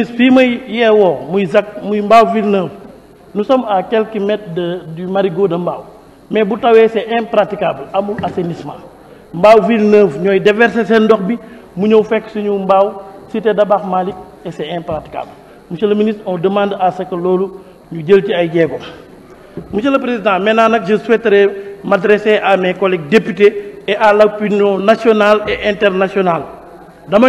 entreprise fii may muy muy Mbao Villeneuve nous sommes à quelques mètres de du marigot de Mbao mais bu c'est impraticable amul assainissement Mbao Villeneuve nous déverser seen ndox bi mu ñëw fekk suñu Mbao cité Dabakh Malik et c'est impraticable monsieur le ministre on demande à ce que l'Olu ñu jël ci ay monsieur le président maintenant nag je souhaiterais m'adresser à mes collègues députés et à l'opinion nationale et internationale dama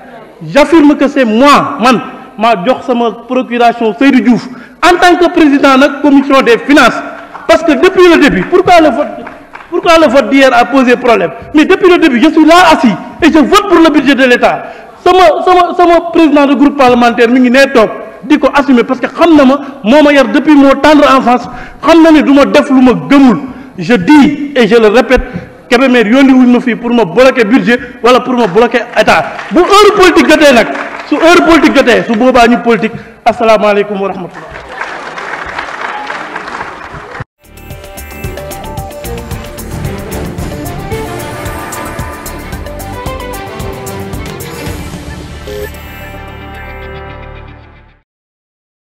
j'affirme que c'est moi man ma sama procuration Seydou Diouf en tant que président de la commission des finances parce que depuis le début pourquoi le vote pourquoi le vote d'hier a posé problème mais depuis le début je suis là assis et je vote pour le budget de l'État sama sama président du groupe parlementaire Mingi Neto, qu'on assume, parce que moi, moi, depuis mon tendre enfance je dis et je le répète Kébémer yónni wuñ ma fii pour ma bloquer budget wala pour ma bloquer état bu heure politique jotee nag su heure politique jotee su boobaa ñu politique asalaamaaleykum wa rahmatullah